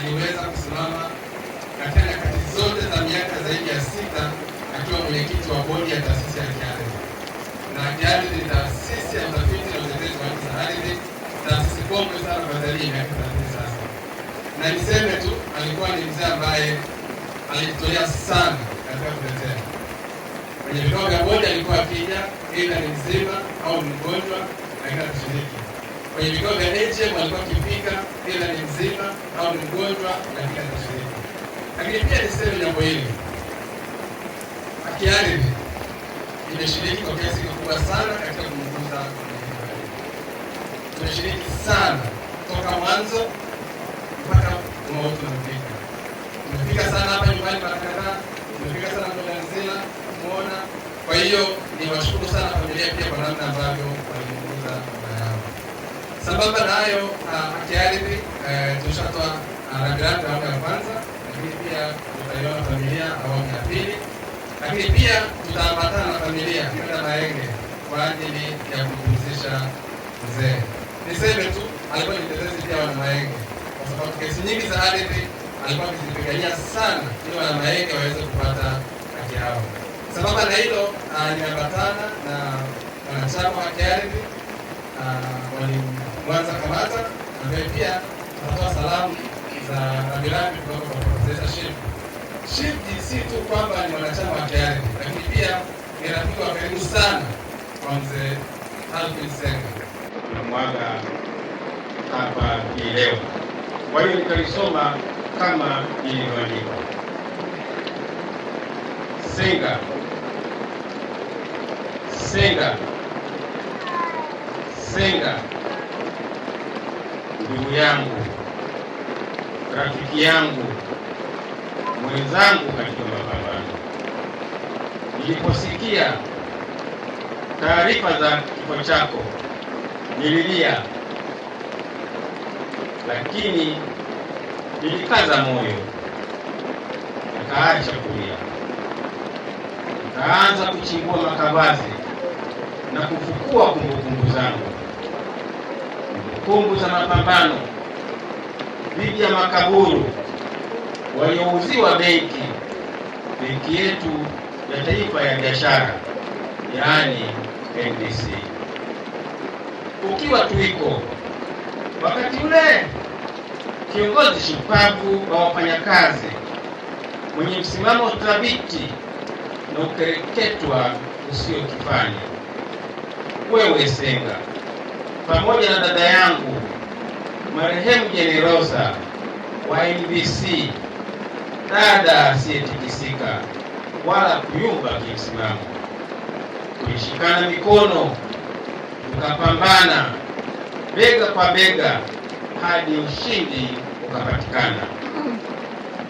aliweza kusimama katika nyakati zote za miaka zaidi ya sita akiwa mwenyekiti wa bodi ya taasisi ya kiardhi Na KIARI ni taasisi ya utafiti na utetezi wa haki za ardhi, taasisi kongwe sana kwa zaidi ya miaka thelathini sasa. Na niseme tu, alikuwa ni mzee ambaye alijitolea sana katika kutetea kwenye vikao vya bodi, alikuwa akija, ila ni mzima au mgonjwa, lakini kushiriki kwenye vikao vya HM walikuwa kifika bila ni mzima au ni mgonjwa na kila kashiriki. Lakini pia niseme jambo hili, akiaribi imeshiriki kwa kiasi kikubwa sana katika kuunguza, tumeshiriki sana toka mwanzo mpaka mauti unafika. Tumefika sana hapa nyumbani mara kadhaa, tumefika sana mzima kumwona. Kwa hiyo niwashukuru sana familia pia kwa namna ambavyo waliunguza Sambamba na hayo haki ardhi eh, tulishatoa rambirambi ah, awamu ya kwanza, lakini pia tutaiona familia awamu ya pili, lakini pia tutaambatana na familia kwenda Mahenge kwa ajili ya kumpumzisha mzee. Niseme tu alikuwa ni mtetezi pia wana Mahenge, kwa sababu kesi nyingi za ardhi alikuwa akizipigania sana ili wana Mahenge waweze kupata haki yao. Sambamba na hilo ah, nimeambatana na wanachama wa haki ah, wali kwanza Kamata, ambaye pia natoa salamu za rambirambi kutoka kwa Profesa Ship. Ship si tu kwamba ni mwanachama wa KIARI, lakini pia ni rafiki wa karibu sana kwa mzee Alvin Senga. Tunamwaga hapa hii leo, kwa hiyo nikalisoma kama ilivyoandikwa. Senga Senga Senga ndugu yangu, rafiki yangu, mwenzangu katika mapambano. Niliposikia taarifa za kifo chako nililia, lakini nilikaza moyo, nikaacha kulia, nikaanza kuchimbua makavazi na kufukua kumbukumbu zangu kumbukumbu za mapambano dhidi ya makaburu waliouziwa benki benki yetu ya taifa ya biashara yaani NBC. Ukiwa Tuiko, wakati ule kiongozi shupavu wa wafanyakazi mwenye msimamo thabiti na ukereketwa kifani, wewe Senga pamoja na dada yangu marehemu Jenerosa wa nbc dada asiyetikisika wala kuyumba kimsimamo. Tulishikana mikono tukapambana bega kwa bega hadi ushindi ukapatikana.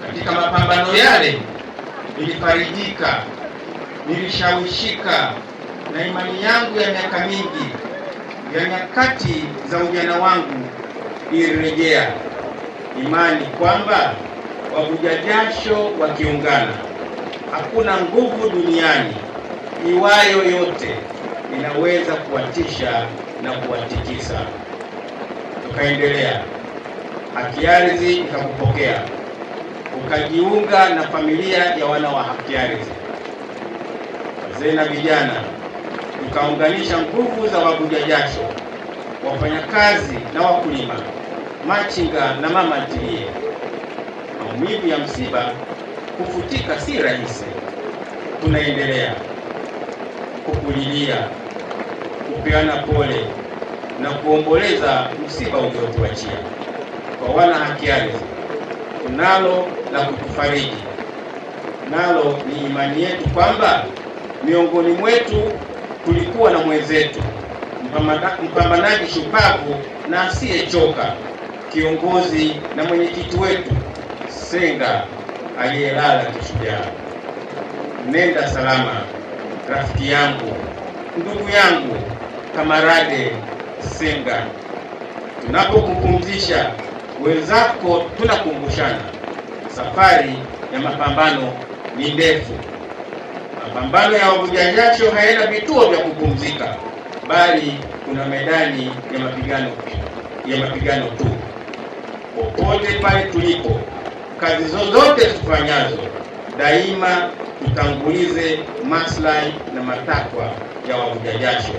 Katika mapambano yale nilifarijika, nilishawishika na imani yangu ya miaka mingi ya nyakati za ujana wangu ilirejea imani kwamba wavuja jasho wakiungana, hakuna nguvu duniani iwayo yote inaweza kuwatisha na kuwatikisa. Tukaendelea, hakiarizi ikakupokea ukajiunga na familia ya wana wa hakiarizi, wazee na vijana wakaunganisha nguvu za wavuja jasho, wafanyakazi na wakulima, machinga na mama ntilie. Maumivu ya msiba kufutika si rahisi. Tunaendelea kukulilia, kupeana pole na kuomboleza msiba uliotuachia. Kwa wana Hakiari, tunalo la kutufariji nalo ni imani yetu kwamba miongoni mwetu tulikuwa na mwenzetu mpambanaji shupavu na asiyechoka, kiongozi na mwenyekiti wetu Senga aliyelala kishujaa. Nenda salama rafiki yangu, ndugu yangu, kamarade Senga. Tunapokupumzisha wenzako, tunakumbushana safari ya mapambano ni ndefu mapambano ya wavuja jasho hayana vituo vya kupumzika, bali kuna medani ya mapigano ya mapigano tu. Popote pale tulipo, kazi zozote tufanyazo, daima tutangulize maslahi na matakwa ya wavuja jasho,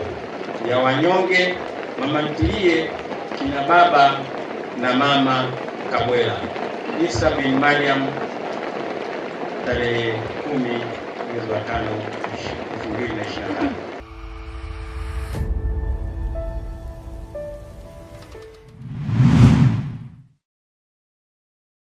ya wanyonge, mama ntilie, kina baba na mama Kabwela. Isa bin Mariam, tarehe kumi يرضى كانوا يسوقون الشمال